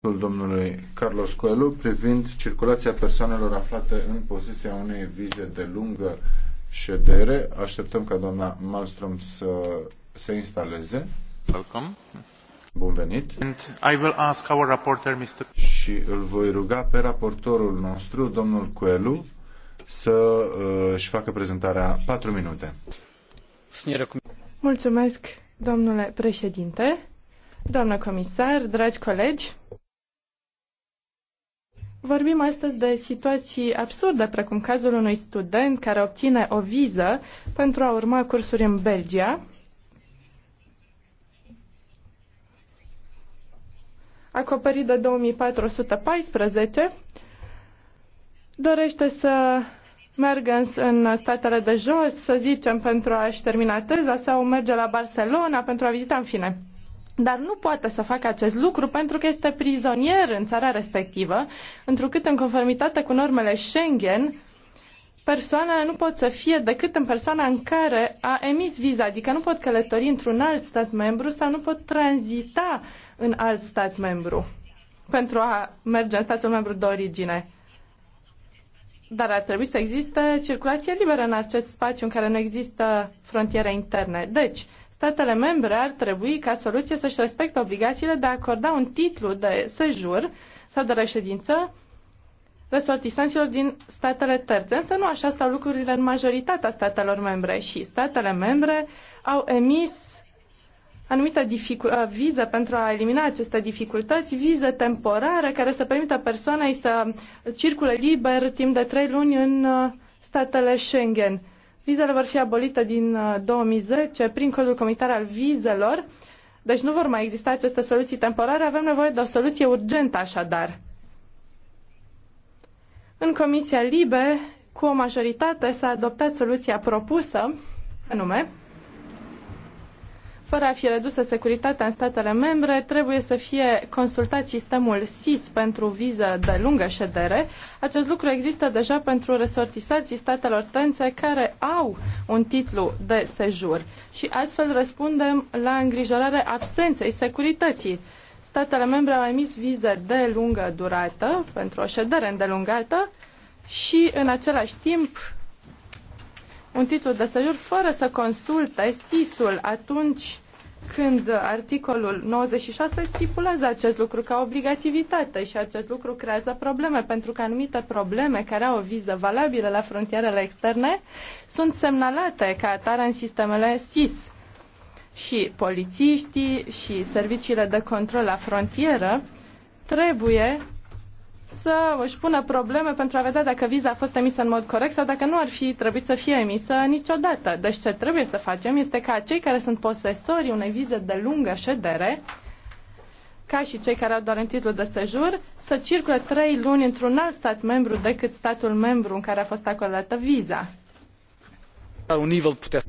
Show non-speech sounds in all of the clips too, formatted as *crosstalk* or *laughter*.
domnului Carlos Coelho privind circulația persoanelor aflate în posesia unei vize de lungă ședere. Așteptăm ca doamna Malmström să se instaleze. Welcome. Bun venit. And I will ask our reporter, Mr. Și îl voi ruga pe raportorul nostru, domnul Coelho, să uh, își facă prezentarea 4 minute. Mulțumesc, domnule președinte, doamnă comisar, dragi colegi. Vorbim astăzi de situații absurde, precum cazul unui student care obține o viză pentru a urma cursuri în Belgia. Acoperit de 2414, dorește să meargă în statele de jos, să zicem, pentru a-și termina teza sau merge la Barcelona pentru a vizita, în fine dar nu poate să facă acest lucru pentru că este prizonier în țara respectivă, întrucât în conformitate cu normele Schengen, persoanele nu pot să fie decât în persoana în care a emis viza, adică nu pot călători într-un alt stat membru sau nu pot tranzita în alt stat membru pentru a merge în statul membru de origine. Dar ar trebui să existe circulație liberă în acest spațiu în care nu există frontiere interne. Deci, statele membre ar trebui ca soluție să-și respecte obligațiile de a acorda un titlu de sejur sau de reședință resortisanților din statele terțe, însă nu așa stau lucrurile în majoritatea statelor membre și statele membre au emis anumite uh, vize pentru a elimina aceste dificultăți, vize temporare care să permită persoanei să circule liber timp de trei luni în uh, statele Schengen. Vizele vor fi abolite din 2010 uh, prin codul comunitar al vizelor, deci nu vor mai exista aceste soluții temporare. Avem nevoie de o soluție urgentă așadar. În Comisia Libe, cu o majoritate, s-a adoptat soluția propusă, anume fără a fi redusă securitatea în statele membre, trebuie să fie consultat sistemul SIS pentru viză de lungă ședere. Acest lucru există deja pentru resortisații statelor tențe care au un titlu de sejur și astfel răspundem la îngrijorarea absenței securității. Statele membre au emis vize de lungă durată pentru o ședere îndelungată și în același timp un titlu de sejur fără să consulte SIS-ul atunci când articolul 96 stipulează acest lucru ca obligativitate și acest lucru creează probleme, pentru că anumite probleme care au o viză valabilă la frontierele externe sunt semnalate ca atare în sistemele SIS. Și polițiștii și serviciile de control la frontieră trebuie să își pună probleme pentru a vedea dacă viza a fost emisă în mod corect sau dacă nu ar fi trebuit să fie emisă niciodată. Deci ce trebuie să facem este ca cei care sunt posesorii unei vize de lungă ședere, ca și cei care au doar un titlu de sejur, să circule trei luni într-un alt stat membru decât statul membru în care a fost acordată viza.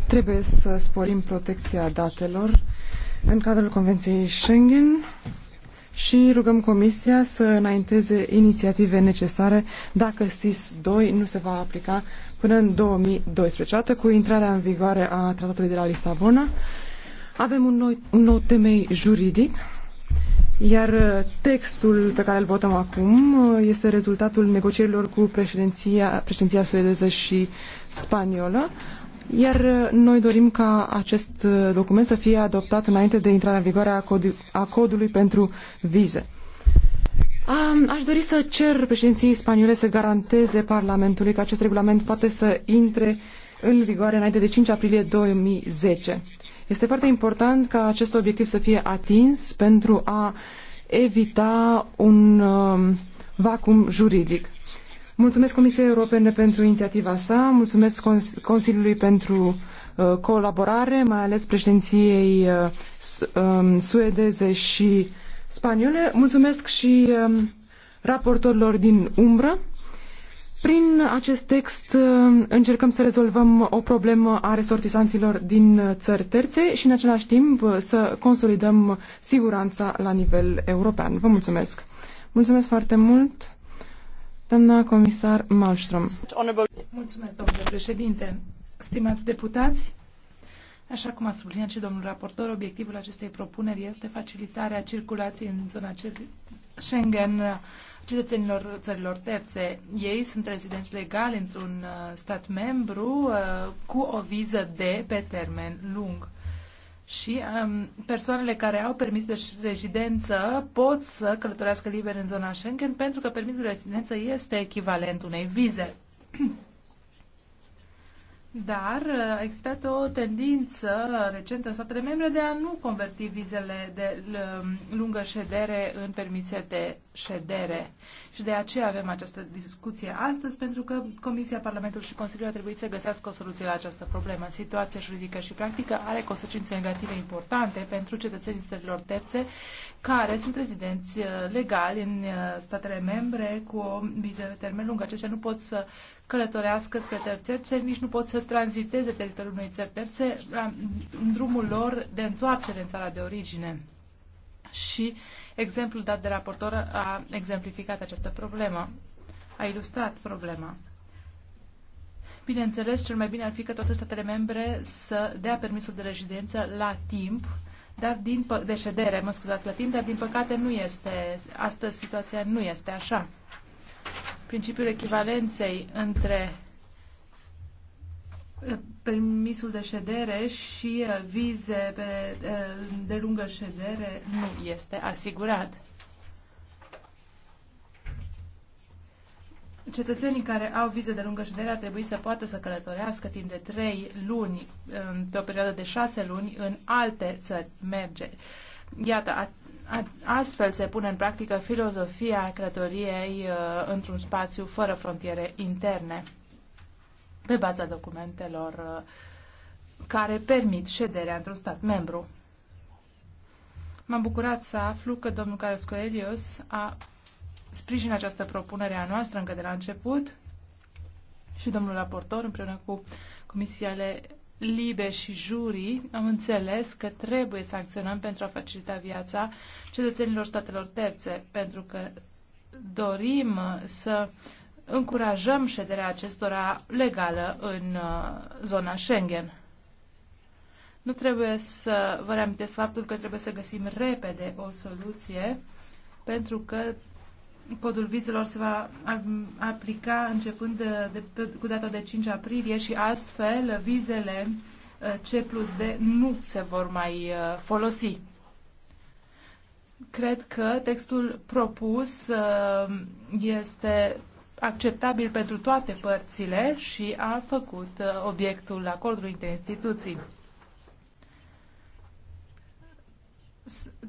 Trebuie să sporim protecția datelor în cadrul Convenției Schengen și rugăm Comisia să înainteze inițiative necesare dacă SIS-2 nu se va aplica până în 2012. Atât cu intrarea în vigoare a Tratatului de la Lisabona, avem un nou, un nou temei juridic, iar uh, textul pe care îl votăm acum uh, este rezultatul negocierilor cu președinția, președinția suedeză și spaniolă. Iar uh, noi dorim ca acest uh, document să fie adoptat înainte de intrarea în vigoare a, cod a codului pentru vize. Aș dori să cer președinției spaniole să garanteze Parlamentului că acest regulament poate să intre în vigoare înainte de 5 aprilie 2010. Este foarte important ca acest obiectiv să fie atins pentru a evita un uh, um, vacum juridic. Mulțumesc Comisiei Europene pentru inițiativa sa, mulțumesc Consiliului pentru uh, colaborare, mai ales președinției uh, um, suedeze și spaniole. Mulțumesc și um, raportorilor din umbră. Prin acest text uh, încercăm să rezolvăm o problemă a resortisanților din țări terțe și în același timp să consolidăm siguranța la nivel european. Vă mulțumesc! Mulțumesc foarte mult! Doamna comisar Malmström. Mulțumesc, domnule președinte. Stimați deputați, Așa cum a subliniat și domnul raportor, obiectivul acestei propuneri este facilitarea circulației în zona Schengen cetățenilor țărilor terțe. Ei sunt rezidenți legali într-un uh, stat membru uh, cu o viză de pe termen lung și um, persoanele care au permis de rezidență pot să călătorească liber în zona Schengen pentru că permisul de rezidență este echivalent unei vize. *clears throat* Dar uh, a existat o tendință recentă în statele membre de a nu converti vizele de um, lungă ședere în permise de ședere. Și de aceea avem această discuție astăzi, pentru că Comisia, Parlamentul și Consiliul a trebuit să găsească o soluție la această problemă. Situația juridică și practică are consecințe negative importante pentru cetățenii țărilor terțe care sunt rezidenți uh, legali în uh, statele membre cu o viză de termen lung. Acestea nu pot să călătorească spre țări terțe, nici nu pot să tranziteze teritoriul unei țări terțe în drumul lor de întoarcere în țara de origine. Și exemplul dat de raportor a exemplificat această problemă, a ilustrat problema. Bineînțeles, cel mai bine ar fi că toate statele membre să dea permisul de rezidență la timp, dar din pă- de ședere, mă scuzați, la timp, dar din păcate nu este, astăzi situația nu este așa principiul echivalenței între uh, permisul de ședere și uh, vize pe, uh, de lungă ședere nu este asigurat. Cetățenii care au vize de lungă ședere ar trebui să poată să călătorească timp de 3 luni, pe o perioadă de 6 luni, în alte țări merge. Iată, Astfel se pune în practică filozofia călătoriei uh, într-un spațiu fără frontiere interne, pe baza documentelor uh, care permit șederea într-un stat membru. M-am bucurat să aflu că domnul Carlos Coelios a sprijinit această propunere a noastră încă de la început și domnul raportor împreună cu comisiile Libe și jurii am înțeles că trebuie să acționăm pentru a facilita viața cetățenilor statelor terțe, pentru că dorim să încurajăm șederea acestora legală în uh, zona Schengen. Nu trebuie să vă reamintesc faptul că trebuie să găsim repede o soluție, pentru că codul vizelor se va aplica începând de, de, de, cu data de 5 aprilie și astfel vizele uh, C plus D nu se vor mai uh, folosi. Cred că textul propus uh, este acceptabil pentru toate părțile și a făcut obiectul acordului între instituții.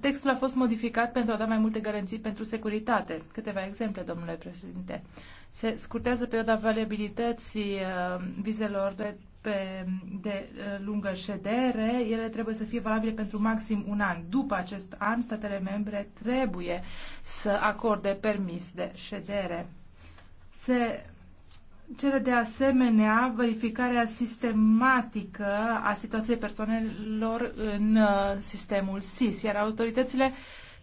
Textul a fost modificat pentru a da mai multe garanții pentru securitate. Câteva exemple, domnule președinte. Se scurtează perioada valabilității uh, vizelor de, pe, de uh, lungă ședere. Ele trebuie să fie valabile pentru maxim un an. După acest an, statele membre trebuie să acorde permis de ședere. Se cere de asemenea verificarea sistematică a situației persoanelor în uh, sistemul SIS, iar autoritățile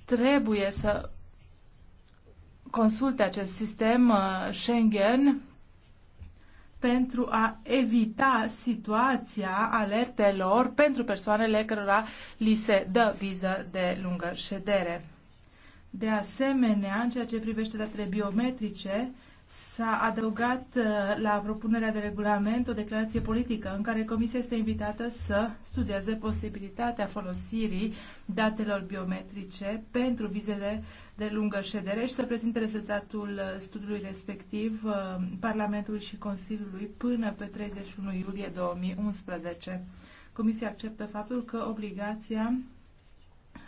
trebuie să consulte acest sistem uh, Schengen pentru a evita situația alertelor pentru persoanele cărora li se dă viză de lungă ședere. De asemenea, în ceea ce privește datele biometrice, S-a adăugat uh, la propunerea de regulament o declarație politică în care Comisia este invitată să studieze posibilitatea folosirii datelor biometrice pentru vizele de lungă ședere și să prezinte rezultatul uh, studiului respectiv uh, Parlamentului și Consiliului până pe 31 iulie 2011. Comisia acceptă faptul că obligația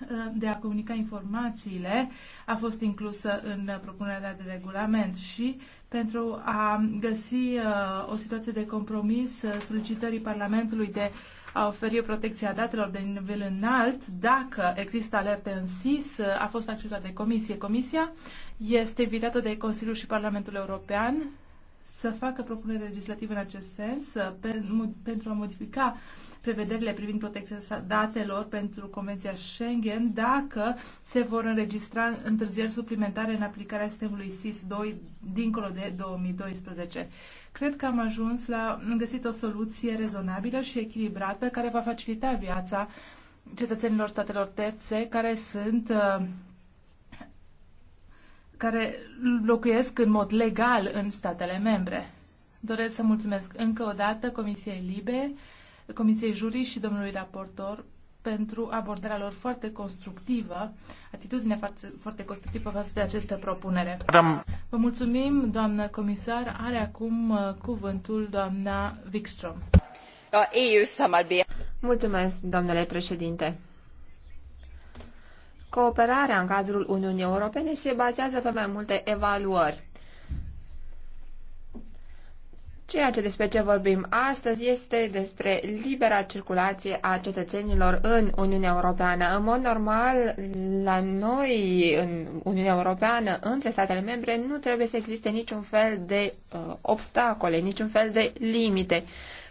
Uh, de a comunica informațiile a fost inclusă în propunerea de regulament și pentru a găsi uh, o situație de compromis uh, solicitării Parlamentului de a oferi o protecție a datelor de nivel înalt dacă există alerte în SIS, a fost acceptată de Comisie. Comisia este invitată de Consiliul și Parlamentul European să facă propuneri legislative în acest sens pentru a modifica uh, prevederile privind protecția datelor pentru Convenția Schengen dacă se vor înregistra întârzieri suplimentare în aplicarea sistemului SIS-2 dincolo de 2012. Cred că am ajuns la, am găsit o soluție rezonabilă și echilibrată care va facilita viața cetățenilor statelor terțe care sunt uh, care locuiesc în mod legal în statele membre. Doresc să mulțumesc încă o dată Comisiei Libe Comisiei Jurii și domnului raportor pentru abordarea lor foarte constructivă, atitudinea față, foarte constructivă față de aceste propunere. Adam. Vă mulțumim, doamnă comisar. Are acum uh, cuvântul doamna Wikström. Mulțumesc, domnule președinte. Cooperarea în cadrul Uniunii Europene se bazează pe mai multe evaluări. Ceea ce despre ce vorbim astăzi este despre libera circulație a cetățenilor în Uniunea Europeană. În mod normal, la noi, în Uniunea Europeană, între statele membre, nu trebuie să existe niciun fel de uh, obstacole, niciun fel de limite.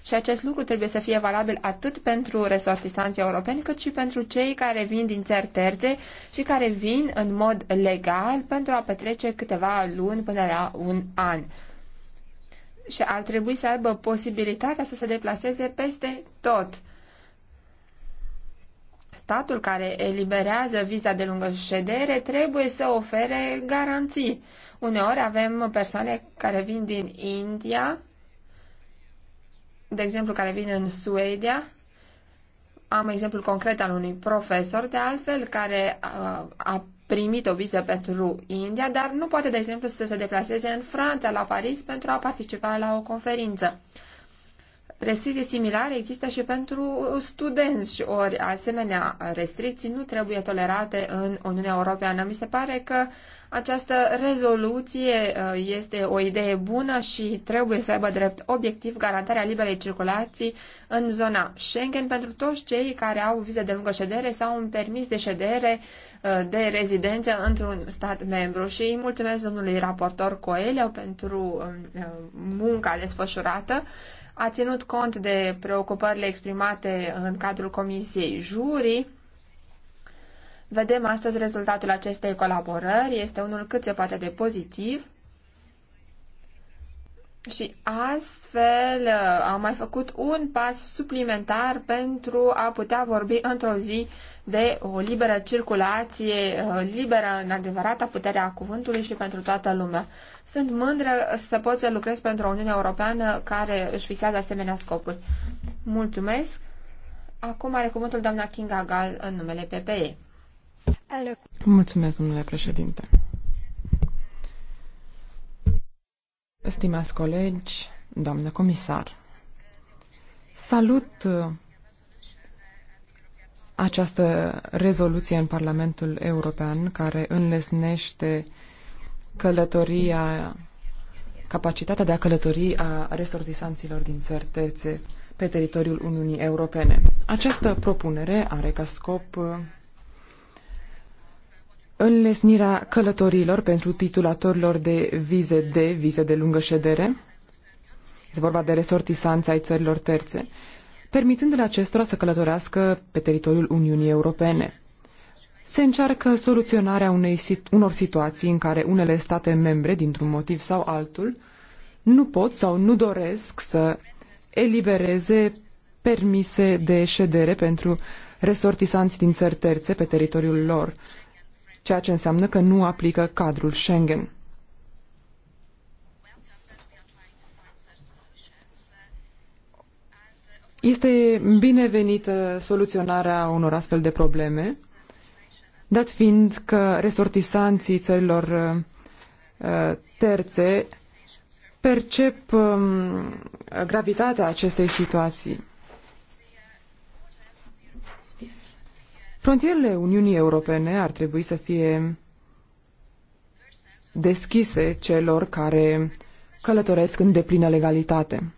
Și acest lucru trebuie să fie valabil atât pentru resortistanții europeni, cât și pentru cei care vin din țări terțe și care vin în mod legal pentru a petrece câteva luni până la un an și ar trebui să aibă posibilitatea să se deplaseze peste tot. Statul care eliberează viza de lungă ședere trebuie să ofere garanții. Uneori avem persoane care vin din India, de exemplu care vin în Suedia. Am exemplul concret al unui profesor, de altfel, care uh, a, a primit o viză pentru India, dar nu poate, de exemplu, să se deplaseze în Franța, la Paris, pentru a participa la o conferință. Restricții similare există și pentru studenți, ori asemenea restricții nu trebuie tolerate în Uniunea Europeană. Mi se pare că această rezoluție uh, este o idee bună și trebuie să aibă drept obiectiv garantarea liberei circulații în zona Schengen pentru toți cei care au vize de lungă ședere sau un permis de ședere uh, de rezidență într-un stat membru. Și îi mulțumesc domnului raportor Coelho pentru um, uh, munca desfășurată a ținut cont de preocupările exprimate în cadrul Comisiei Juri. Vedem astăzi rezultatul acestei colaborări. Este unul cât se poate de pozitiv și astfel uh, am mai făcut un pas suplimentar pentru a putea vorbi într-o zi de o liberă circulație, uh, liberă în adevărata puterea cuvântului și pentru toată lumea. Sunt mândră să pot să lucrez pentru o Uniune Europeană care își fixează asemenea scopuri. Mulțumesc! Acum are cuvântul doamna Kinga Gal în numele PPE. Mulțumesc, domnule președinte! Stimați colegi, doamnă comisar, salut uh, această rezoluție în Parlamentul European care înlesnește călătoria, capacitatea de a călători a resortisanților din țări terțe pe teritoriul Uniunii Europene. Această propunere are ca scop uh, înlesnirea călătorilor pentru titulatorilor de vize de vize de lungă ședere, este vorba de resortisanța ai țărilor terțe, permitându le acestora să călătorească pe teritoriul Uniunii Europene. Se încearcă soluționarea unei, unor situații în care unele state membre, dintr-un motiv sau altul, nu pot sau nu doresc să elibereze permise de ședere pentru resortisanți din țări terțe pe teritoriul lor, ceea ce înseamnă că nu aplică cadrul Schengen. Este binevenită soluționarea unor astfel de probleme, dat fiind că resortisanții țărilor uh, terțe percep um, gravitatea acestei situații. Frontierele Uniunii Europene ar trebui să fie deschise celor care călătoresc în deplină legalitate.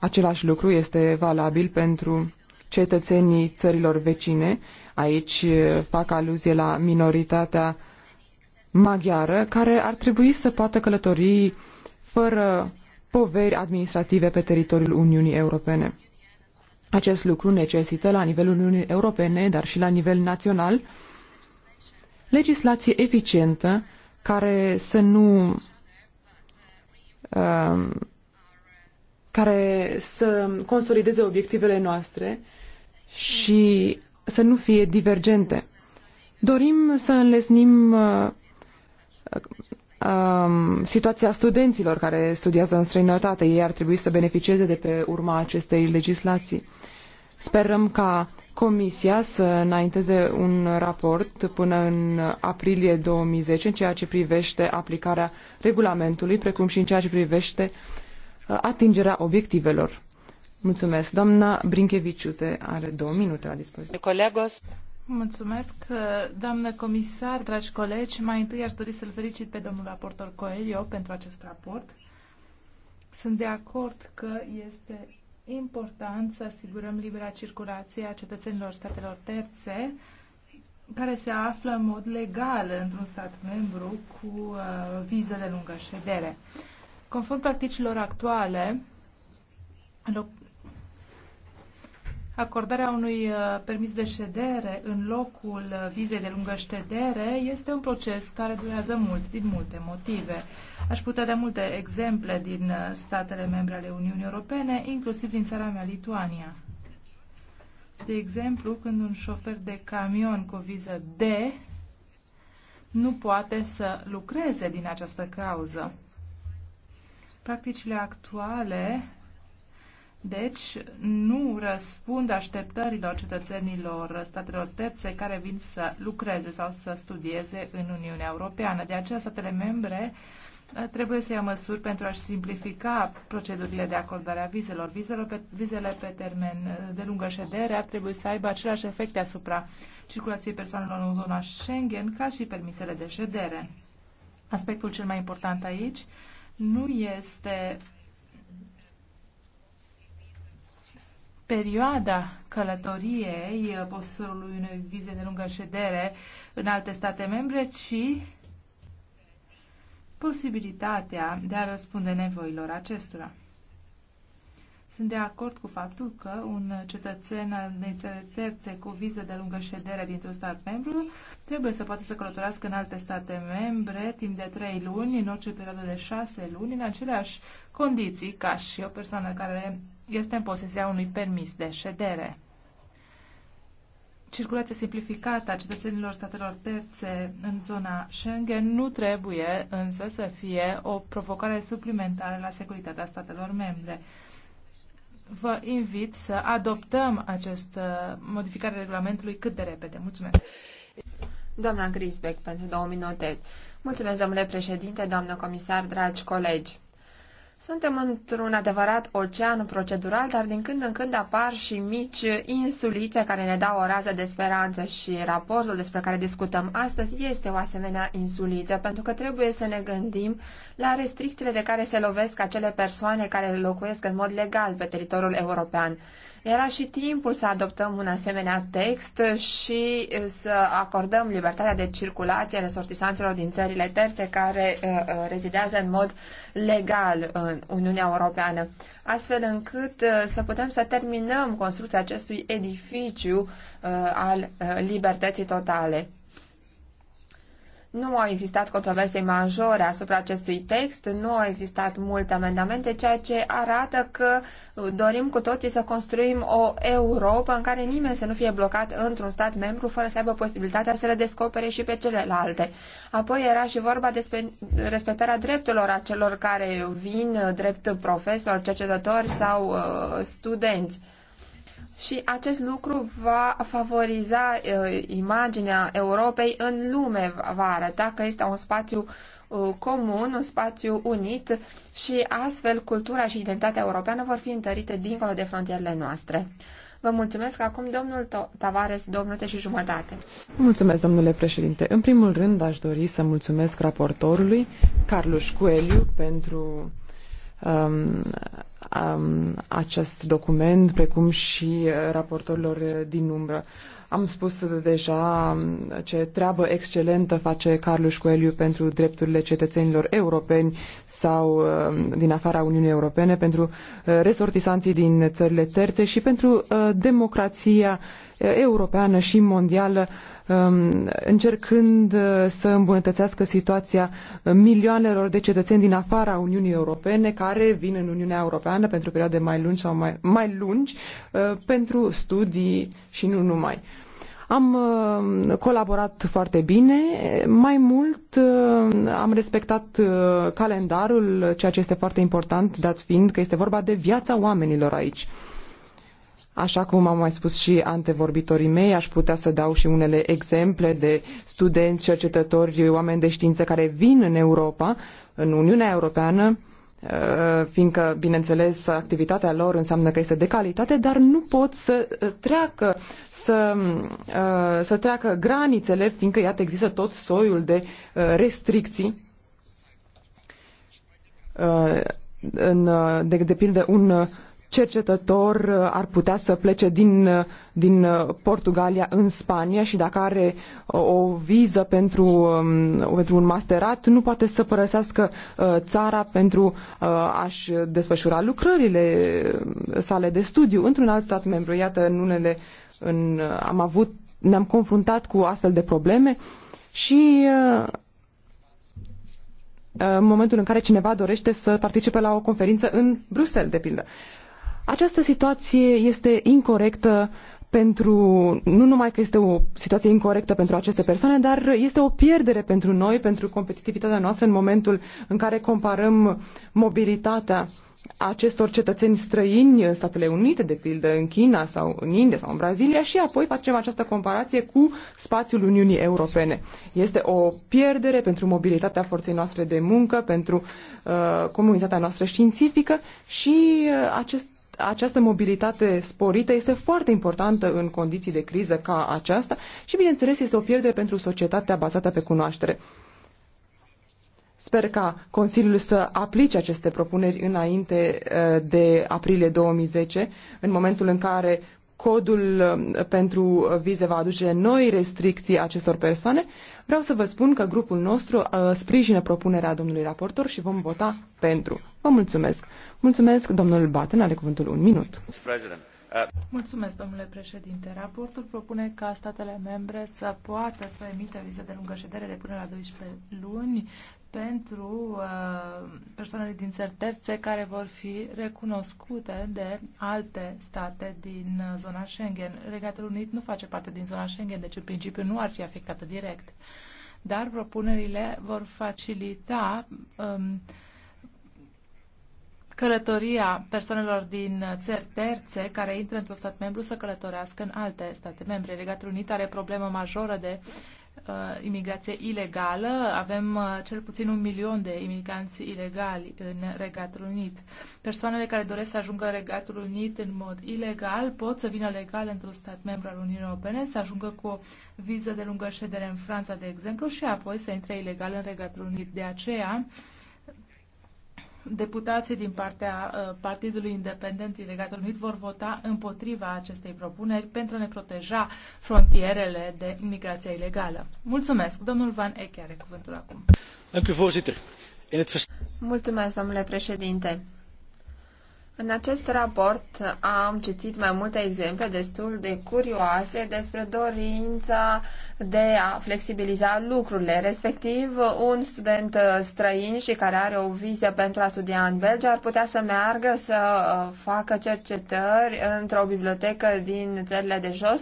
Același lucru este valabil pentru cetățenii țărilor vecine. Aici eh, fac aluzie la minoritatea maghiară, care ar trebui să poată călători fără poveri administrative pe teritoriul Uniunii Europene. Acest lucru necesită la nivelul Uniunii Europene, dar și la nivel național, legislație eficientă care să nu um, care să consolideze obiectivele noastre și să nu fie divergente. Dorim să înlesnim uh, um, situația studenților care studiază în străinătate. Ei ar trebui să beneficieze de pe urma acestei legislații. Sperăm ca Comisia să înainteze un raport până în aprilie 2010 în ceea ce privește aplicarea regulamentului, precum și în ceea ce privește uh, atingerea obiectivelor. Mulțumesc. Doamna Brincheviciute are două minute la dispoziție. Colegos. Mulțumesc, doamnă comisar, dragi colegi. Mai întâi aș dori să-l felicit pe domnul raportor Coelho pentru acest raport. Sunt de acord că este important să asigurăm libera circulație a cetățenilor statelor terțe care se află în mod legal într-un stat membru cu uh, viză de lungă ședere. Conform practicilor actuale, Acordarea unui uh, permis de ședere în locul uh, vizei de lungă ședere este un proces care durează mult, din multe motive. Aș putea da multe exemple din uh, statele membre ale Uniunii Europene, inclusiv din țara mea, Lituania. De exemplu, când un șofer de camion cu viză D nu poate să lucreze din această cauză. Practicile actuale deci, nu răspund așteptărilor cetățenilor statelor terțe care vin să lucreze sau să studieze în Uniunea Europeană. De aceea, statele membre uh, trebuie să ia măsuri pentru a-și simplifica procedurile de acordare a vizelor. Vizelor pe, vizele pe termen uh, de lungă ședere ar trebui să aibă aceleași efecte asupra circulației persoanelor în zona Schengen ca și permisele de ședere. Aspectul cel mai important aici nu este perioada călătoriei eh, posturului unei vize de lungă ședere în alte state membre, ci posibilitatea de a răspunde nevoilor acestora. Sunt de acord cu faptul că un cetățen al unei țări terțe cu viză de lungă ședere dintr-un stat membru trebuie să poată să călătorească în alte state membre timp de 3 luni, în orice perioadă de 6 luni, în aceleași condiții ca și o persoană care este în posesia unui permis de ședere. Circulația simplificată a cetățenilor statelor terțe în zona Schengen nu trebuie însă să fie o provocare suplimentară la securitatea statelor membre. Vă invit să adoptăm această modificare a regulamentului cât de repede. Mulțumesc! Doamna Grisbeck, pentru două minute. Mulțumesc, domnule președinte, doamnă comisar, dragi colegi. Suntem într-un adevărat ocean procedural, dar din când în când apar și mici insulițe care ne dau o rază de speranță și raportul despre care discutăm astăzi este o asemenea insuliță, pentru că trebuie să ne gândim la restricțiile de care se lovesc acele persoane care locuiesc în mod legal pe teritoriul european. Era și timpul să adoptăm un asemenea text și eh, să acordăm libertatea de circulație resortisanților din țările terțe care eh, eh, rezidează în mod legal în Uniunea Europeană, astfel încât să putem să terminăm construcția acestui edificiu al libertății totale. Nu au existat controverse majore asupra acestui text, nu au existat multe amendamente, ceea ce arată că dorim cu toții să construim o Europa în care nimeni să nu fie blocat într-un stat membru fără să aibă posibilitatea să le descopere și pe celelalte. Apoi era și vorba despre respectarea drepturilor acelor care vin drept profesori, cercetători sau uh, studenți și acest lucru va favoriza uh, imaginea Europei în lume, va arăta că este un spațiu uh, comun, un spațiu unit și astfel cultura și identitatea europeană vor fi întărite dincolo de frontierele noastre. Vă mulțumesc acum, domnul Tavares, două minute și jumătate. Mulțumesc, domnule președinte. În primul rând, aș dori să mulțumesc raportorului, Carlos Coelho, pentru um, acest document, precum și uh, raportorilor uh, din umbră. Am spus deja ce treabă excelentă face Carlos Coelho pentru drepturile cetățenilor europeni sau uh, din afara Uniunii Europene, pentru uh, resortisanții din țările terțe și pentru uh, democrația europeană și mondială, um, încercând să îmbunătățească situația milioanelor de cetățeni din afara Uniunii Europene care vin în Uniunea Europeană pentru perioade mai lungi sau mai, mai lungi pentru studii și nu numai. Am uh, colaborat foarte bine, mai mult uh, am respectat uh, calendarul, ceea ce este foarte important, dat fiind că este vorba de viața oamenilor aici. Așa cum am mai spus și antevorbitorii mei, aș putea să dau și unele exemple de studenți, cercetători, oameni de știință care vin în Europa, în Uniunea Europeană, Eh, fiindcă, bineînțeles, activitatea lor înseamnă că este de calitate, dar nu pot să eh, treacă, să, eh, să treacă granițele, fiindcă, iată, există tot soiul de restricții. În, de, de pildă, un cercetător uh, ar putea să plece din, uh, din uh, Portugalia în Spania și dacă are o viză pentru, um, pentru un masterat, nu poate să părăsească țara pentru a-și desfășura lucrările sale de studiu într-un alt stat membru. Iată, în unele în, am avut, ne-am confruntat cu astfel de probleme și în momentul în care cineva dorește să participe la o conferință în Bruxelles, de pildă. Această situație este incorrectă pentru, nu numai că este o situație incorrectă pentru aceste persoane, dar este o pierdere pentru noi, pentru competitivitatea noastră în momentul în care comparăm mobilitatea acestor cetățeni străini în Statele Unite, de pildă în China sau în India sau în Brazilia și apoi facem această comparație cu spațiul Uniunii Europene. Este o pierdere pentru mobilitatea forței noastre de muncă, pentru uh, comunitatea noastră științifică și uh, acest această mobilitate sporită este foarte importantă în condiții de criză ca aceasta și, bineînțeles, este o pierdere pentru societatea bazată pe cunoaștere. Sper ca Consiliul să aplice aceste propuneri înainte uh, de aprilie 2010, în momentul în care codul uh, pentru vize va aduce noi restricții acestor persoane. Vreau să vă spun că grupul nostru uh, sprijină propunerea domnului raportor și vom vota pentru. Vă mulțumesc! Mulțumesc, domnul Batten, are cuvântul un minut. Uh, Mulțumesc, domnule președinte. Raportul propune ca statele membre să poată să emită vize de lungă ședere de până la 12 luni pentru uh, persoanele din țări terțe care vor fi recunoscute de alte state din uh, zona Schengen. Regatul Unit nu face parte din zona Schengen, deci în principiu nu ar fi afectată direct. Dar propunerile vor facilita um, călătoria persoanelor din țări terțe care intră într-un stat membru să călătorească în alte state membre. Regatul Unit are problemă majoră de uh, imigrație ilegală. Avem uh, cel puțin un milion de imigranți ilegali în Regatul Unit. Persoanele care doresc să ajungă în Regatul Unit în mod ilegal pot să vină legal într-un stat membru al Uniunii Europene, să ajungă cu o viză de lungă ședere în Franța, de exemplu, și apoi să intre ilegal în Regatul Unit. De aceea, uh, deputații din partea uh, Partidului Independent din Regatul Unit vor vota împotriva acestei propuneri pentru a ne proteja frontierele de migrație ilegală. Mulțumesc. Domnul Van Eck are cuvântul acum. Mulțumesc, domnule președinte. În acest raport am citit mai multe exemple destul de curioase despre dorința de a flexibiliza lucrurile. Respectiv, un student străin și care are o viză pentru a studia în Belgia ar putea să meargă să uh, facă cercetări într-o bibliotecă din țările de jos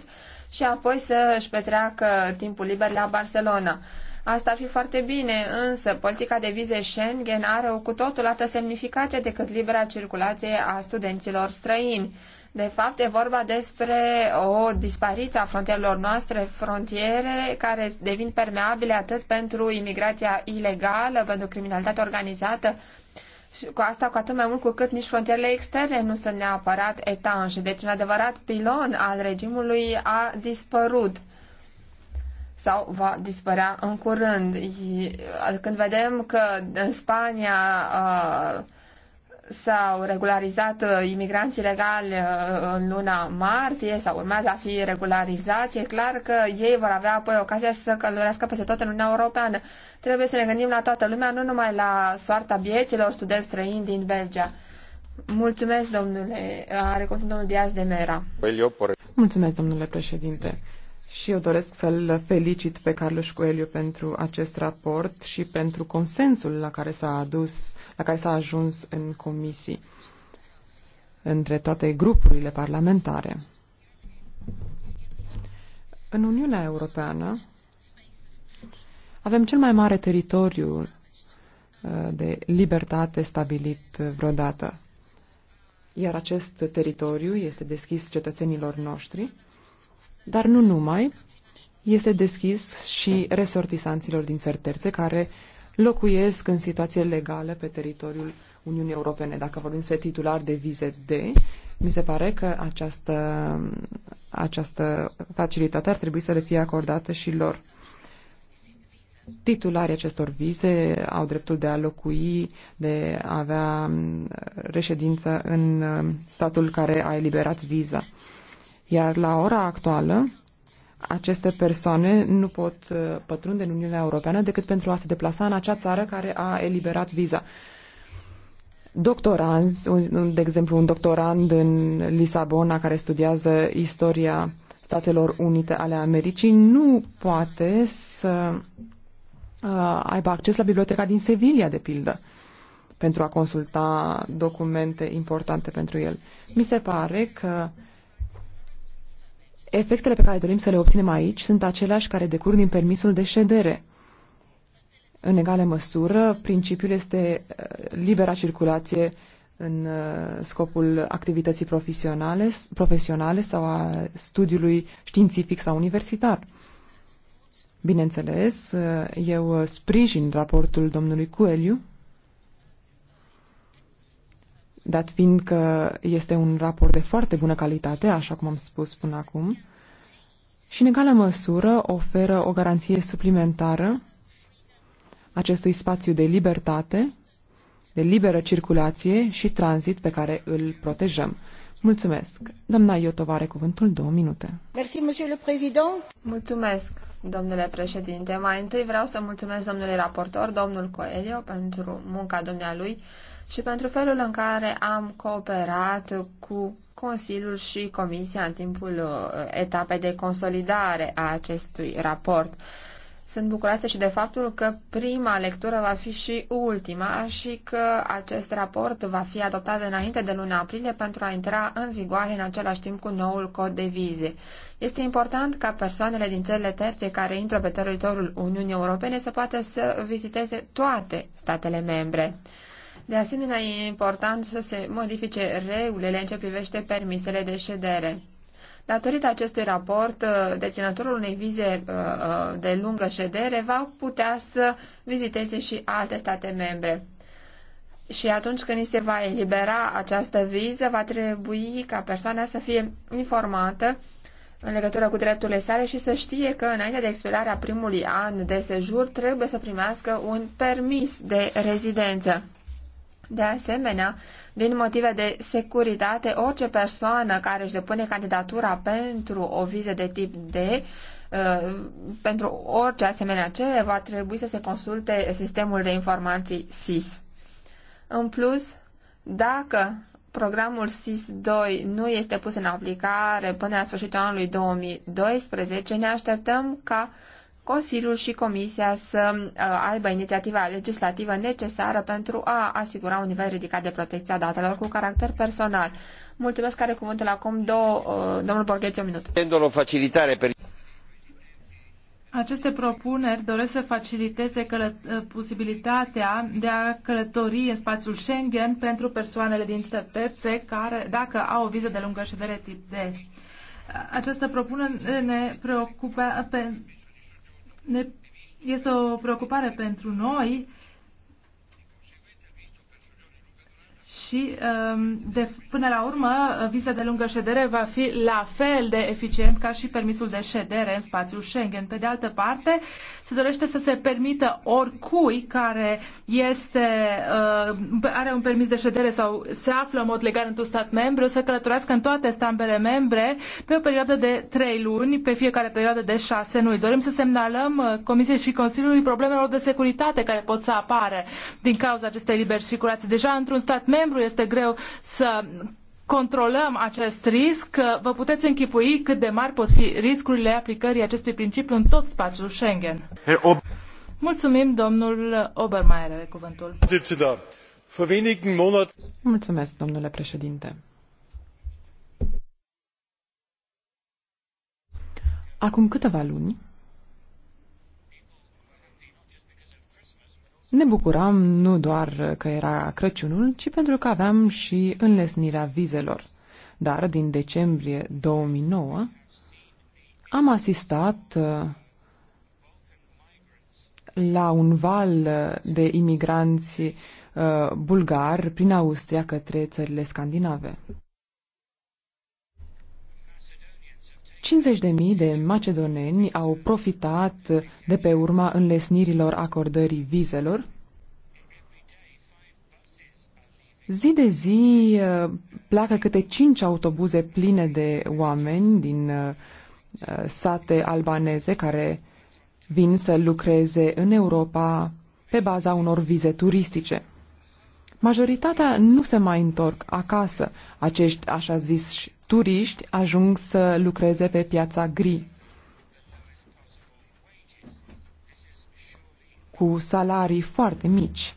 și apoi să își petreacă timpul liber la Barcelona. Asta ar fi foarte bine, însă politica de vize Schengen are o cu totul altă semnificație decât libera circulație a studenților străini. De fapt, e vorba despre o dispariție a frontierelor noastre, frontiere care devin permeabile atât pentru imigrația ilegală, pentru criminalitatea organizată, și cu asta cu atât mai mult cu cât nici frontierele externe nu sunt neapărat etanșe. Deci un adevărat pilon al regimului a dispărut sau va dispărea în curând. Când vedem că în Spania s-au regularizat imigranții legali în luna martie sau urmează a fi regularizați, e clar că ei vor avea apoi ocazia să călărească peste tot în Uniunea Europeană. Trebuie să ne gândim la toată lumea, nu numai la soarta biecilor studenți străini din Belgia. Mulțumesc, domnule. Are cuvântul domnul Diaz de Mera. Mulțumesc, domnule președinte. Și eu doresc să-l felicit pe Carlos Coelho pentru acest raport și pentru consensul la care s-a adus, la care s-a ajuns în comisii între toate grupurile parlamentare. În Uniunea Europeană avem cel mai mare teritoriu uh, de libertate stabilit vreodată. Iar acest teritoriu este deschis cetățenilor noștri dar nu numai, este deschis și resortisanților din țări terțe care locuiesc în situație legală pe teritoriul Uniunii Europene. Dacă vorbim despre titular de vize D, mi se pare că această, această facilitate ar trebui să le fie acordată și lor. Titularii acestor vize au dreptul de a locui, de a avea mm, reședință în mm, statul care a eliberat viza. Iar la ora actuală, aceste persoane nu pot uh, pătrunde în Uniunea Europeană decât pentru a se deplasa în acea țară care a eliberat viza. Doctoranzi, un, de exemplu, un doctorand în Lisabona care studiază istoria Statelor Unite ale Americii nu poate să uh, aibă acces la biblioteca din Sevilla, de pildă, pentru a consulta documente importante pentru el. Mi se pare că uh, Efectele pe care dorim să le obținem aici sunt aceleași care decur din permisul de ședere. În egală măsură, principiul este uh, libera circulație în uh, scopul activității profesionale, profesionale sau a studiului științific sau universitar. Bineînțeles, uh, eu sprijin raportul domnului Coeliu dat fiind că este un raport de foarte bună calitate, așa cum am spus până acum, și în egală măsură oferă o garanție suplimentară acestui spațiu de libertate, de liberă circulație și tranzit pe care îl protejăm. Mulțumesc. Doamna Iotova are cuvântul două minute. Merci, monsieur le président. Mulțumesc, domnule președinte. Mai întâi vreau să mulțumesc domnului raportor, domnul Coelho, pentru munca dumnealui și pentru felul în care am cooperat cu Consiliul și Comisia în timpul uh, etapei de consolidare a acestui raport. Sunt bucuroasă și de faptul că prima lectură va fi și ultima și că acest raport va fi adoptat înainte de luna aprilie pentru a intra în vigoare în același timp cu noul cod de vize. Este important ca persoanele din țările terțe care intră pe teritoriul Uniunii Europene să poată să viziteze toate statele membre. De asemenea, e important să se modifice regulile în ce privește permisele de ședere. Datorită acestui raport, uh, deținătorul unei vize uh, uh, de lungă ședere va putea să viziteze și alte state membre. Și atunci când îi se va elibera această viză, va trebui ca persoana să fie informată în legătură cu drepturile sale și să știe că înainte de expirarea primului an de sejur trebuie să primească un permis de rezidență. De asemenea, din motive de securitate, orice persoană care își depune candidatura pentru o viză de tip D, uh, pentru orice asemenea cerere, va trebui să se consulte sistemul de informații SIS. În plus, dacă programul SIS-2 nu este pus în aplicare până la sfârșitul anului 2012, ne așteptăm ca uh, Consiliul și Comisia să uh, aibă inițiativa legislativă necesară pentru a asigura un nivel ridicat de protecție a datelor cu caracter personal. Mulțumesc, care cuvântul acum, două, uh, domnul Borghetti, un minut. Aceste propuneri doresc să faciliteze uh, posibilitatea de a călători în spațiul Schengen pentru persoanele din terțe care, dacă au o viză de lungă ședere tip D. Această propunere ne preocupă pe, ne, este o preocupare pentru noi și, um, de, până la urmă, viza de lungă ședere va fi la fel de eficient ca și permisul de ședere în spațiul Schengen. Pe de altă parte, se dorește să se permită oricui care este, uh, are un permis de ședere sau se află în mod legal într-un stat membru să călătorească în toate statele membre pe o perioadă de trei luni, pe fiecare perioadă de șase luni. Dorim să semnalăm uh, Comisiei și Consiliului problemelor de securitate care pot să apare din cauza acestei liberi circulații. Deja într-un stat membru membru este greu să controlăm acest risc, vă puteți închipui cât de mari pot fi riscurile aplicării acestui principiu în tot spațiul Schengen. Mulțumim, domnul Obermeier, are cuvântul. Mulțumesc, domnule președinte. Acum câteva luni, Ne bucuram nu doar că era Crăciunul, ci pentru că aveam și înlesnirea vizelor. Dar din decembrie 2009 am asistat uh, la un val de imigranți uh, bulgari prin Austria către țările scandinave. 50.000 de macedoneni au profitat de pe urma înlesnirilor acordării vizelor. Zi de zi uh, pleacă câte cinci autobuze pline de oameni din uh, uh, sate albaneze care vin să lucreze în Europa pe baza unor vize turistice. Majoritatea nu se mai întorc acasă. Acești așa ziși turiști ajung să lucreze pe piața gri. cu salarii foarte mici.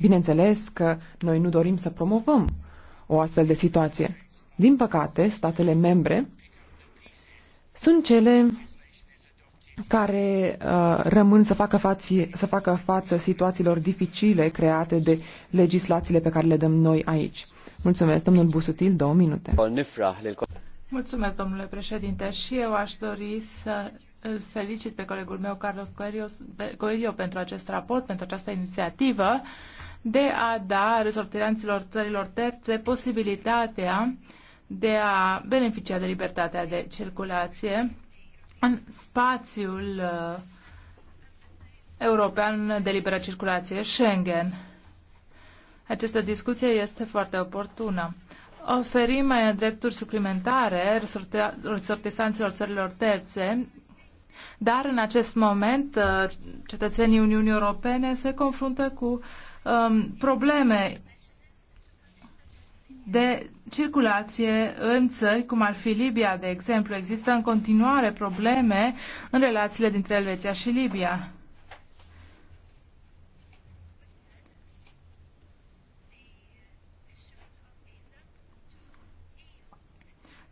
Bineînțeles că noi nu dorim să promovăm o astfel de situație. Din păcate, statele membre sunt cele care uh, rămân să facă, fații, să facă față situațiilor dificile create de legislațiile pe care le dăm noi aici. Mulțumesc, domnul Busutil, două minute. Mulțumesc, domnule președinte, și eu aș dori să îl felicit pe colegul meu, Carlos Coelho, pentru acest raport, pentru această inițiativă de a da resortiranților țărilor terțe posibilitatea de a beneficia de libertatea de circulație în spațiul uh, european de liberă circulație, Schengen. Această discuție este foarte oportună. Oferim drepturi suplimentare resortesanților țărilor terțe, dar în acest moment uh, cetățenii Uniunii Europene se confruntă cu um, probleme de circulație în țări, cum ar fi Libia, de exemplu. Există în continuare probleme în relațiile dintre Elveția și Libia.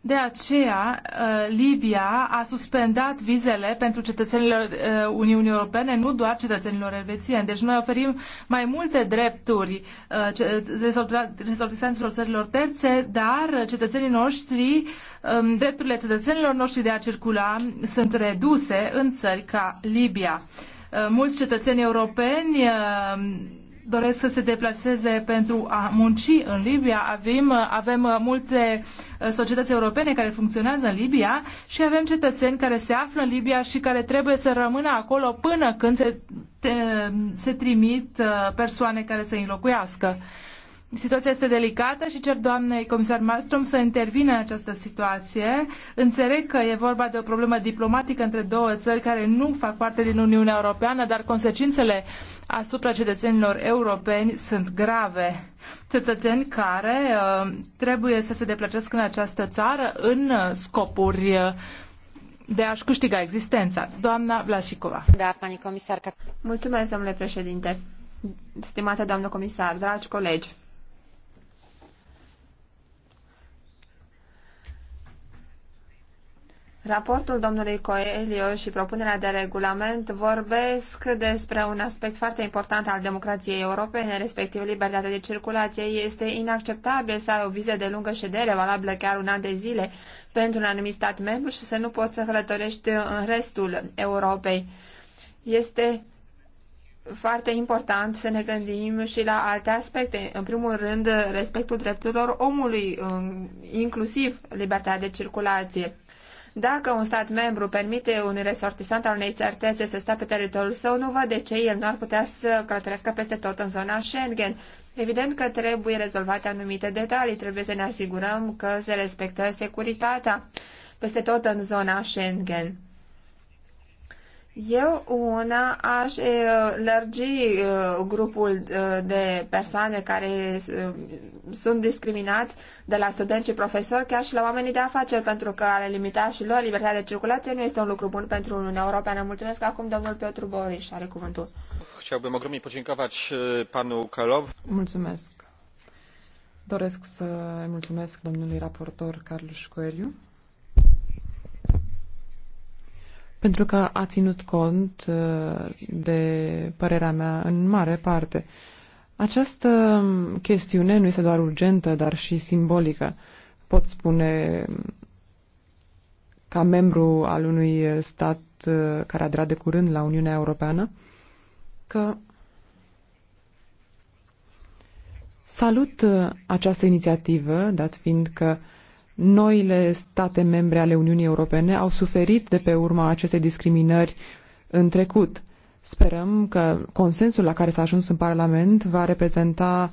De aceea, uh, Libia a suspendat vizele pentru cetățenilor uh, Uniunii Europene, nu doar cetățenilor elvețieni. Deci noi oferim mai multe drepturi uh, resortisanților țărilor terțe, dar cetățenii noștri, um, drepturile cetățenilor noștri de a circula sunt reduse în țări ca Libia. Mulți cetățeni europeni doresc să se deplaseze pentru a munci în Libia. Avem, avem multe uh, societăți europene care funcționează în Libia și avem cetățeni care se află în Libia și care trebuie să rămână acolo până când se, te, se trimit uh, persoane care să înlocuiască. Situația este delicată și cer doamnei comisar Malmström să intervină în această situație. Înțeleg că e vorba de o problemă diplomatică între două țări care nu fac parte din Uniunea Europeană, dar consecințele uh, asupra cetățenilor europeni sunt grave. Cetățeni care uh, trebuie să se deplăcesc în această țară în uh, scopuri uh, de a-și câștiga existența. Doamna Vlașicova. Da, pani comisar. Mulțumesc, domnule președinte. Stimată doamnă comisar, dragi colegi, Raportul domnului Coelho și propunerea de regulament vorbesc despre un aspect foarte important al democrației europene, respectiv libertatea de circulație. Este inacceptabil să ai o viză de lungă ședere, valabilă chiar un an de zile, pentru un anumit stat membru și să nu poți să călătorești în restul Europei. Este foarte important să ne gândim și la alte aspecte. În primul rând, respectul drepturilor omului, inclusiv libertatea de circulație dacă un stat membru permite unui resortisant al unei țări terțe să stea pe teritoriul său, nu văd de ce el nu ar putea să călătorească peste tot în zona Schengen. Evident că trebuie rezolvate anumite detalii, trebuie să ne asigurăm că se respectă securitatea peste tot în zona Schengen. Eu, una, aș lărgi grupul de persoane care sunt discriminați de la studenți și profesori, chiar și la oamenii de afaceri, pentru că a limita și lor libertatea de circulație nu este un lucru bun pentru Uniunea Europeană. Mulțumesc acum domnul Piotr Boriș are cuvântul. Chciałbym ogromnie podziękować panu Mulțumesc. Doresc să mulțumesc domnului raportor Carlos Coelho pentru că a ținut cont uh, de părerea mea în mare parte. Această chestiune nu este doar urgentă, dar și simbolică. Pot spune ca membru al unui stat uh, care a de curând la Uniunea Europeană că salut uh, această inițiativă, dat fiind că Noile state membre ale Uniunii Europene au suferit de pe urma acestei discriminări în trecut. Sperăm că consensul la care s-a ajuns în Parlament va reprezenta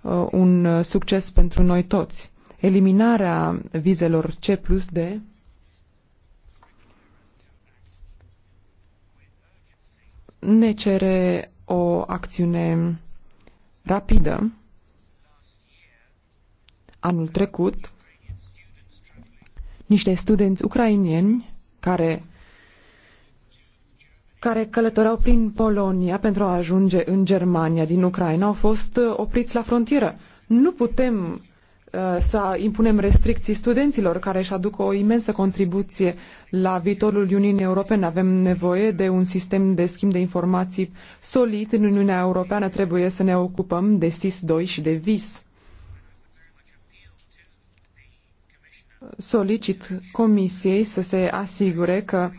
uh, un succes pentru noi toți. Eliminarea vizelor C plus D ne cere o acțiune rapidă. Anul trecut, niște studenți ucrainieni care care călătoreau prin Polonia pentru a ajunge în Germania din Ucraina au fost uh, opriți la frontieră. Nu putem uh, să impunem restricții studenților care își aduc o imensă contribuție la viitorul Uniunii Europene. Avem nevoie de un sistem de schimb de informații solid în Uniunea Europeană. Trebuie să ne ocupăm de SIS-2 și de VIS. solicit Comisiei să se asigure că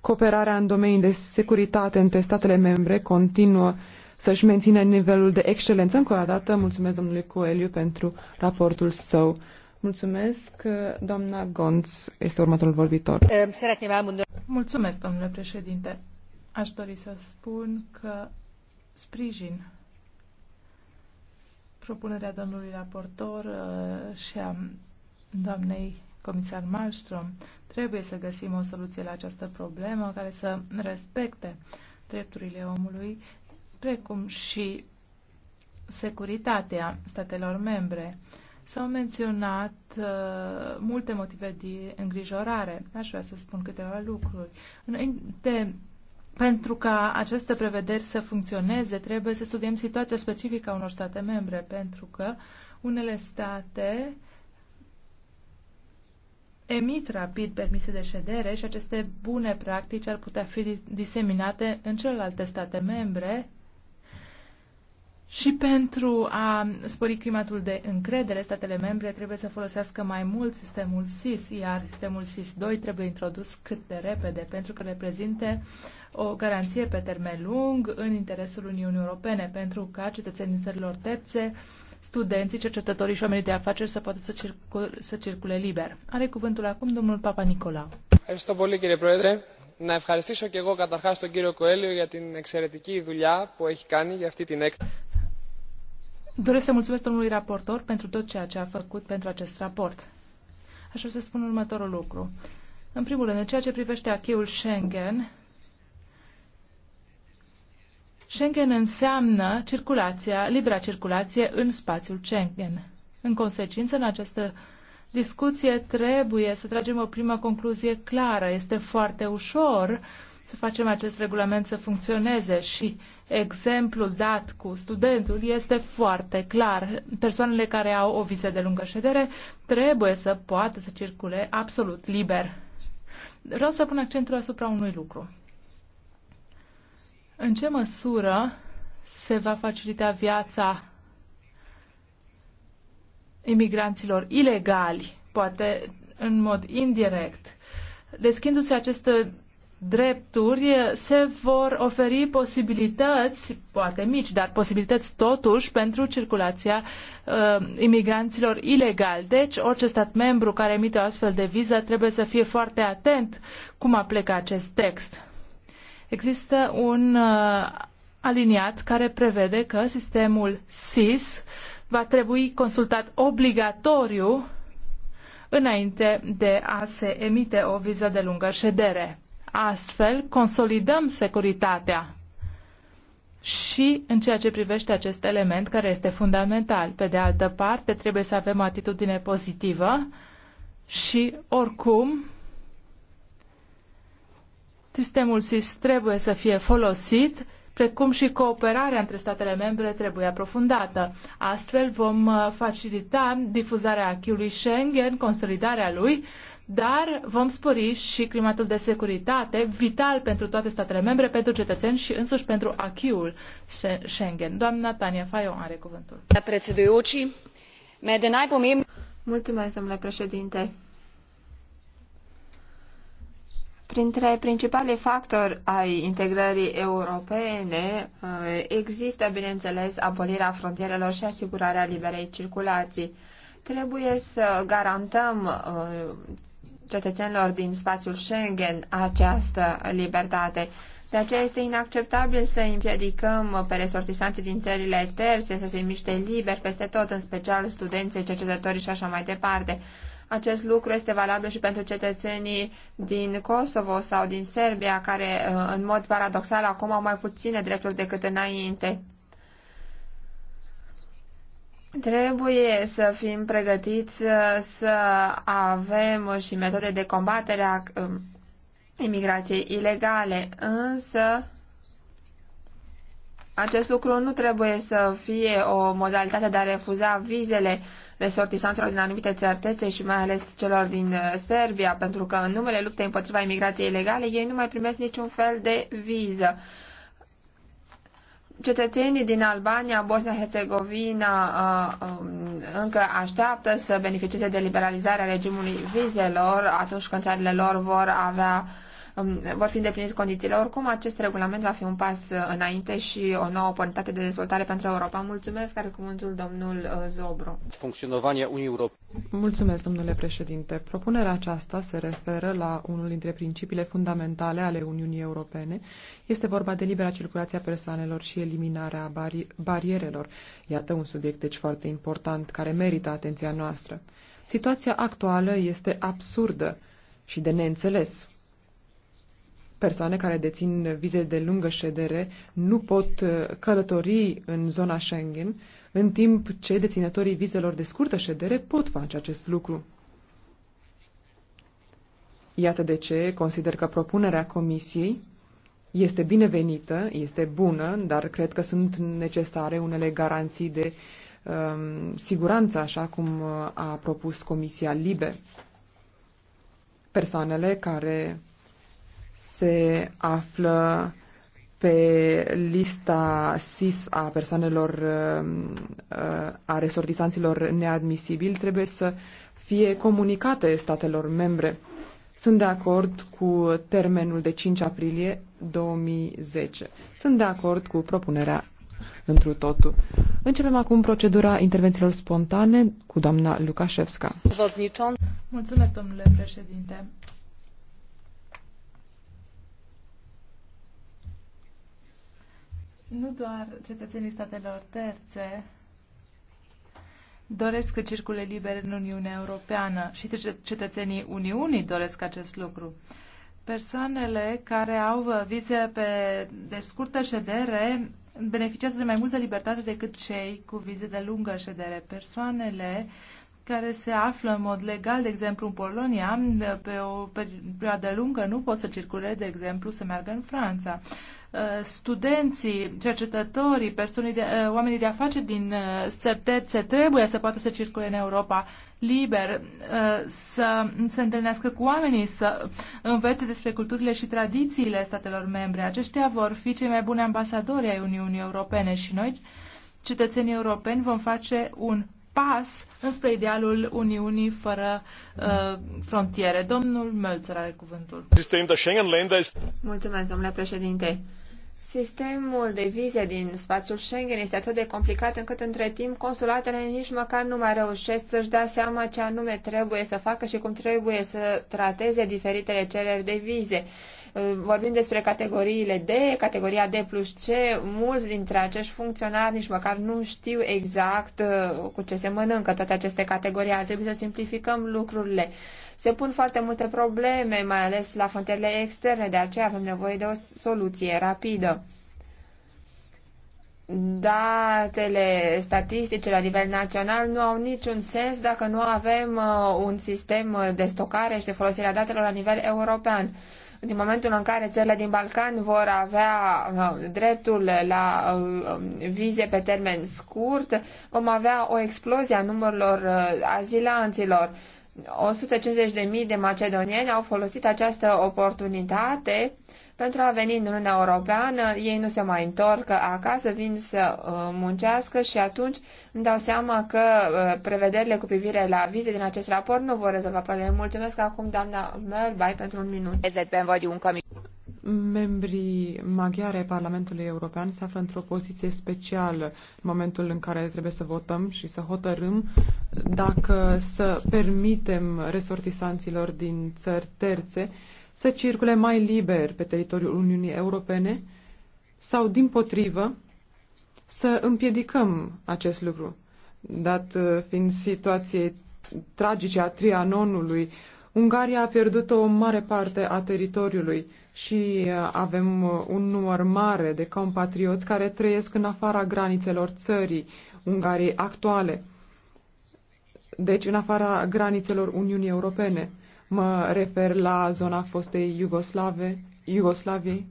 cooperarea în domenii de securitate între statele membre continuă să-și mențină nivelul de excelență. Încă o dată, mulțumesc domnului Coeliu pentru raportul său. Mulțumesc, doamna Gonț este următorul vorbitor. Mulțumesc, domnule președinte. Aș dori să spun că sprijin propunerea domnului raportor uh, și a doamnei comisar Malmström, trebuie să găsim o soluție la această problemă care să respecte drepturile omului, precum și securitatea statelor membre. S-au menționat uh, multe motive de îngrijorare. Aș vrea să spun câteva lucruri. Înainte, pentru ca aceste prevederi să funcționeze, trebuie să studiem situația specifică a unor state membre, pentru că unele state uh, emit rapid permise de ședere și aceste bune practici ar putea fi diseminate în celelalte state membre și pentru a spori climatul de încredere, statele membre trebuie să folosească mai mult sistemul SIS, iar sistemul SIS-2 trebuie introdus cât de repede, pentru că reprezinte o garanție pe termen lung în interesul Uniunii Europene, pentru ca cetățenii țărilor terțe studenții, cercetătorii și oamenii de afaceri să poată să, circul, să circule liber. Are cuvântul acum domnul Papa Nicolau. Ευχαριστώ πολύ κύριε Πρόεδρε. Να ευχαριστήσω και εγώ καταρχάς τον κύριο Κοέλιο για την εξαιρετική δουλειά που έχει κάνει για αυτή την έκθεση. Doresc să mulțumesc domnului raportor pentru tot ceea ce a făcut pentru acest raport. Aș vrea să spun următorul lucru. În primul rând, în ceea ce privește acheul Schengen, Schengen înseamnă circulația, libera circulație în spațiul Schengen. În consecință, în această discuție trebuie să tragem o primă concluzie clară. Este foarte ușor să facem acest regulament să funcționeze și exemplul dat cu studentul este foarte clar. Persoanele care au o viză de lungă ședere trebuie să poată să circule absolut liber. Vreau să pun accentul asupra unui lucru. În ce măsură se va facilita viața imigranților ilegali, poate în mod indirect? Deschindu-se aceste drepturi, se vor oferi posibilități, poate mici, dar posibilități totuși pentru circulația uh, imigranților ilegali. Deci, orice stat membru care emite o astfel de viză trebuie să fie foarte atent cum aplică acest text. Există un uh, aliniat care prevede că sistemul SIS va trebui consultat obligatoriu înainte de a se emite o viză de lungă ședere. Astfel, consolidăm securitatea și în ceea ce privește acest element care este fundamental. Pe de altă parte, trebuie să avem o atitudine pozitivă și, oricum, Sistemul SIS trebuie să fie folosit, precum și cooperarea între statele membre trebuie aprofundată. Astfel vom uh, facilita difuzarea acquis Schengen, consolidarea lui, dar vom spori și climatul de securitate, vital pentru toate statele membre, pentru cetățeni și însuși pentru achiul Schengen. Doamna Tania Faio are cuvântul. Mulțumesc, domnule președinte. Printre principalii factori ai integrării europene eh, există, bineînțeles, abolirea frontierelor și asigurarea liberei circulații. Trebuie să garantăm eh, cetățenilor din spațiul Schengen această libertate. De aceea este inacceptabil să împiedicăm pe resortisanții din țările terțe să se miște liber peste tot, în special studenții, cercetătorii și așa mai departe. Acest lucru este valabil și pentru cetățenii din Kosovo sau din Serbia, care uh, în mod paradoxal acum au mai puține drepturi decât înainte. Trebuie să fim pregătiți uh, să avem și metode de combatere a um, imigrației ilegale, însă acest lucru nu trebuie să fie o modalitate de a refuza vizele resortisanților din anumite țărtețe și mai ales celor din uh, Serbia, pentru că în numele luptei împotriva imigrației ilegale ei nu mai primesc niciun fel de viză. Cetățenii din Albania, Bosnia-Herzegovina uh, um, încă așteaptă să beneficieze de liberalizarea regimului vizelor atunci când țările lor vor avea vor fi îndeplinite condițiile. Oricum, acest regulament va fi un pas uh, înainte și o nouă oportunitate de dezvoltare pentru Europa. Mulțumesc, are cuvântul domnul uh, Zobro. Funcționarea Uniunii Europene. Mulțumesc, domnule președinte. Propunerea aceasta se referă la unul dintre principiile fundamentale ale Uniunii Europene. Este vorba de libera circulație a persoanelor și eliminarea bari- barierelor. Iată un subiect deci foarte important care merită atenția noastră. Situația actuală este absurdă și de neînțeles persoane care dețin vize de lungă ședere nu pot uh, călători în zona Schengen, în timp ce deținătorii vizelor de scurtă ședere pot face acest lucru. Iată de ce consider că propunerea Comisiei este binevenită, este bună, dar cred că sunt necesare unele garanții de um, siguranță, așa cum uh, a propus Comisia Libe. Persoanele care se află pe lista SIS a persoanelor, eh, a resortisanților neadmisibili, trebuie să fie comunicate statelor membre. Sunt de acord cu termenul de 5 aprilie 2010. Sunt de acord cu propunerea întru totul. Începem acum procedura intervențiilor spontane cu doamna Lukashevska. Mulțumesc, domnule președinte. nu doar cetățenii statelor terțe doresc să circule liber în Uniunea Europeană și cetățenii Uniunii doresc acest lucru. Persoanele care au vize pe de scurtă ședere beneficiază de mai multă libertate decât cei cu vize de lungă ședere. Persoanele care se află în mod legal, de exemplu, în Polonia, pe o perioadă lungă nu pot să circule, de exemplu, să meargă în Franța. Uh, studenții, cercetătorii, persoanii de, uh, oamenii de afaceri din țări uh, terțe trebuie să poată să circule în Europa liber, să se întâlnească cu oamenii, să învețe despre culturile și tradițiile statelor membre. Aceștia vor fi cei mai buni ambasadori ai Uniunii Europene și noi, cetățenii europeni, vom face un pas înspre idealul Uniunii fără uh, frontiere. Domnul Mölzer are cuvântul. Mulțumesc, domnule președinte. Sistemul de vize din spațiul Schengen este atât de complicat încât între timp consulatele nici măcar nu mai reușesc să-și dea seama ce anume trebuie să facă și cum trebuie să trateze diferitele cereri de vize. Uh, vorbim despre categoriile D, categoria D plus C, mulți dintre acești funcționari nici măcar nu știu exact uh, cu ce se mănâncă toate aceste categorii. Ar trebui să simplificăm lucrurile se pun foarte multe probleme, mai ales la frontierele externe, de aceea avem nevoie de o soluție rapidă. Datele statistice la nivel național nu au niciun sens dacă nu avem uh, un sistem de stocare și de folosire a datelor la nivel european din momentul în care țările din Balcan vor avea uh, dreptul la uh, um, vize pe termen scurt, vom avea o explozie a numărului azilanților. 150.000 de macedonieni au folosit această oportunitate pentru a veni în Uniunea Europeană, ei nu se mai întorc acasă, vin să uh, muncească și atunci îmi dau seama că uh, prevederile cu privire la vize din acest raport nu vor rezolva problemele. Mulțumesc acum, doamna Mölbai, pentru un minut. Membrii maghiari ai Parlamentului European se află într-o poziție specială în momentul în care trebuie să votăm și să hotărâm dacă să permitem resortisanților din țări terțe să circule mai liber pe teritoriul Uniunii Europene sau, din potrivă, să împiedicăm acest lucru, dat uh, fiind situației tragice a Trianonului, Ungaria a pierdut o mare parte a teritoriului și uh, avem uh, un număr mare de compatrioți care trăiesc în afara granițelor țării Ungariei actuale, deci în afara granițelor Uniunii Europene. Mă refer la zona fostei Iugoslave, Iugoslaviei,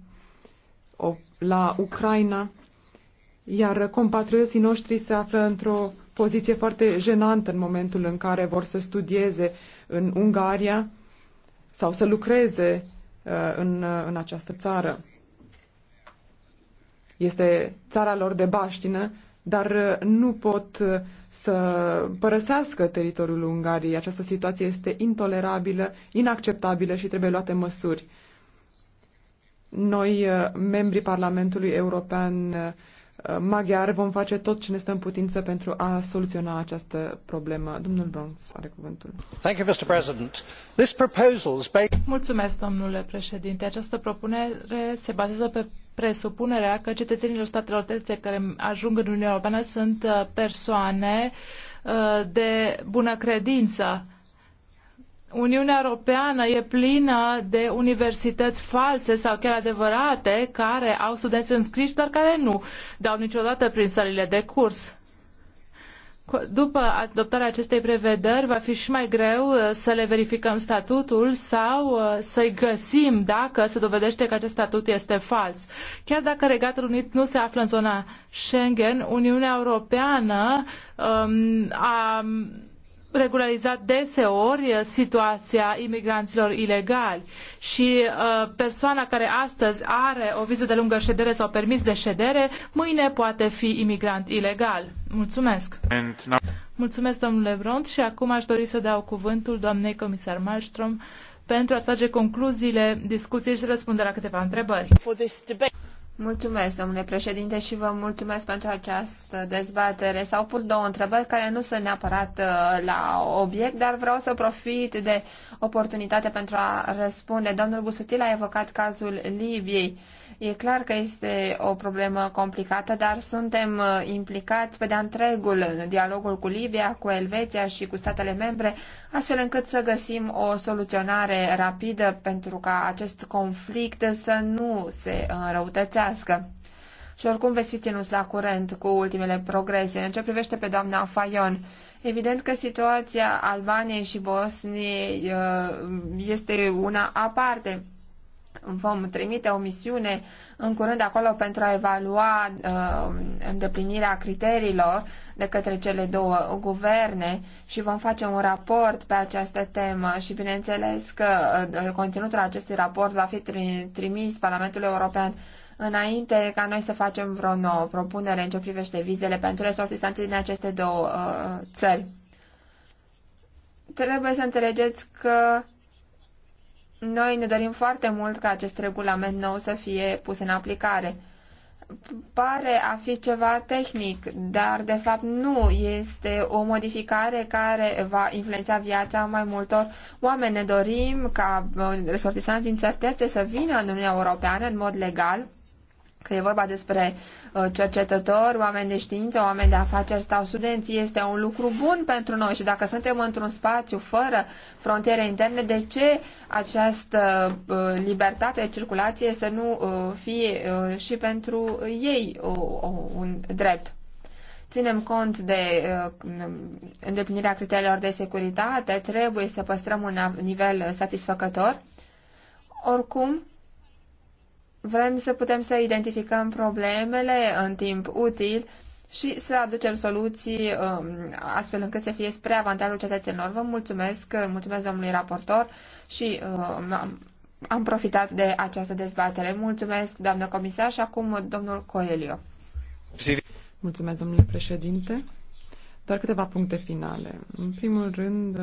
la Ucraina, iar compatrioții noștri se află într-o poziție foarte jenantă în momentul în care vor să studieze uh, în Ungaria sau să lucreze uh, în, uh, în această țară. Este țara lor de baștină, dar uh, nu pot să părăsească teritoriul Ungariei. Această situație este intolerabilă, inacceptabilă și trebuie luate măsuri. Noi, membrii Parlamentului European, maghiare vom face tot ce ne stă în putință pentru a soluționa această problemă. Domnul Bronx are cuvântul. Thank you, Mr. President. This proposal is based... Mulțumesc, domnule președinte. Această propunere se bazează pe presupunerea că cetățenilor statelor terțe care ajung în Uniunea Europeană sunt uh, persoane uh, de bună credință Uniunea Europeană e plină de universități false sau chiar adevărate care au studenți înscriși, dar care nu dau niciodată prin sălile de curs. După adoptarea acestei prevederi, va fi și mai greu uh, să le verificăm statutul sau uh, să-i găsim dacă se dovedește că acest statut este fals. Chiar dacă Regatul Unit nu se află în zona Schengen, Uniunea Europeană um, a regularizat deseori uh, situația imigranților ilegali și uh, persoana care astăzi are o viză de lungă ședere sau permis de ședere, mâine poate fi imigrant ilegal. Mulțumesc! Mulțumesc, domnule Bront, și acum aș dori să dau cuvântul doamnei comisar Malmström pentru a trage concluziile discuției și răspunde la câteva întrebări. Mulțumesc, domnule președinte, și vă mulțumesc pentru această dezbatere. S-au pus două întrebări care nu sunt neapărat uh, la obiect, dar vreau să profit de oportunitate pentru a răspunde. Domnul Busutil a evocat cazul Libiei. E clar că este o problemă complicată, dar suntem uh, implicați pe de-a întregul în dialogul cu Libia, cu Elveția și cu statele membre astfel încât să găsim o soluționare rapidă pentru ca acest conflict să nu se înrăutățească. Și oricum veți fi ținuți la curent cu ultimele progrese. În ce privește pe doamna Fayon, evident că situația Albaniei și Bosniei uh, este una aparte vom trimite o misiune în curând acolo pentru a evalua uh, îndeplinirea criteriilor de către cele două guverne și vom face un raport pe această temă și bineînțeles că uh, conținutul acestui raport va fi tri- trimis Parlamentului European înainte ca noi să facem vreo nouă propunere în ce privește vizele pentru resortistanții din aceste două uh, țări. Trebuie să înțelegeți că noi ne dorim foarte mult ca acest regulament nou să fie pus în aplicare. Pare a fi ceva tehnic, dar de fapt nu este o modificare care va influența viața mai multor oameni. Ne dorim ca uh, resortisanți din țări terțe să vină în Uniunea Europeană în mod legal că e vorba despre uh, cercetători, oameni de știință, oameni de afaceri sau studenți, este un lucru bun pentru noi și dacă suntem într-un spațiu fără frontiere interne, de ce această uh, libertate de circulație să nu uh, fie și pentru ei un drept? ținem cont de îndeplinirea criteriilor de securitate, trebuie să păstrăm un nivel satisfăcător. Oricum, Vrem să putem să identificăm problemele în timp util și să aducem soluții um, astfel încât să fie spre avantajul cetățenilor. Vă mulțumesc, mulțumesc domnului raportor și um, am profitat de această dezbatere. Mulțumesc, doamnă comisar, și acum domnul Coelio. Mulțumesc, domnule președinte. Doar câteva puncte finale. În primul rând,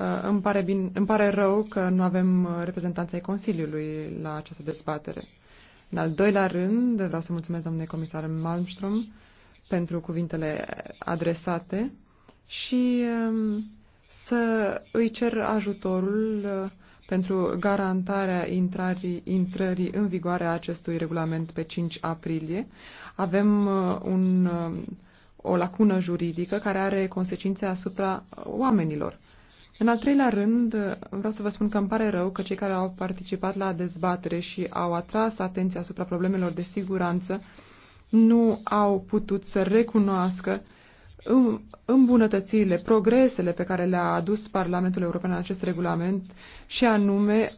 Uh, îmi pare, bine, îmi pare rău că nu avem uh, reprezentanța ai Consiliului la această dezbatere. În al doilea rând, vreau să mulțumesc domnului comisar Malmström pentru cuvintele adresate și um, să îi cer ajutorul uh, pentru garantarea intrării, intrării în vigoare a acestui regulament pe 5 aprilie. Avem un, um, o lacună juridică care are consecințe asupra oamenilor. În al treilea rând, vreau să vă spun că îmi pare rău că cei care au participat la dezbatere și au atras atenția asupra problemelor de siguranță nu au putut să recunoască îmbunătățirile, progresele pe care le-a adus Parlamentul European în acest regulament și anume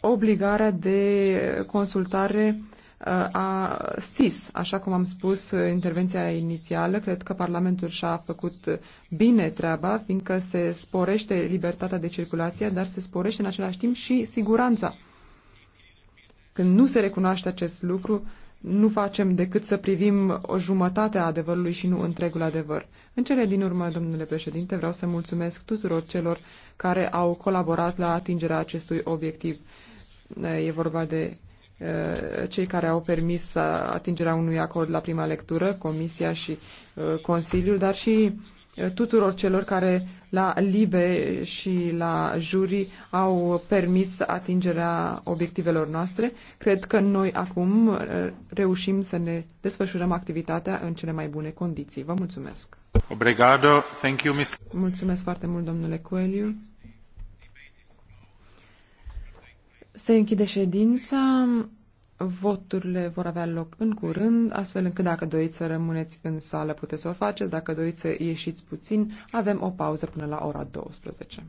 obligarea de consultare uh, Uh, a SIS. Așa cum am spus uh, intervenția inițială, cred că Parlamentul și-a făcut uh, bine treaba, fiindcă se sporește libertatea de circulație, dar se sporește în același timp și siguranța. Când nu se recunoaște acest lucru, nu facem decât să privim o jumătate a adevărului și nu întregul adevăr. În cele din urmă, domnule președinte, vreau să mulțumesc tuturor celor care au colaborat la atingerea acestui obiectiv. E vorba de Eh, cei care au permis atingerea unui acord la prima lectură, Comisia și eh, Consiliul, dar și eh, tuturor celor care la LIBE și la juri au permis atingerea obiectivelor noastre. Cred că noi acum reușim să ne desfășurăm activitatea în cele mai bune condiții. Vă mulțumesc! Obrigado. Thank you, Mr. Mulțumesc foarte mult, domnule Coeliu. Se închide ședința. Voturile vor avea loc în curând, astfel încât dacă doriți să rămâneți în sală, puteți să o faceți. Dacă doriți să ieșiți puțin, avem o pauză până la ora 12.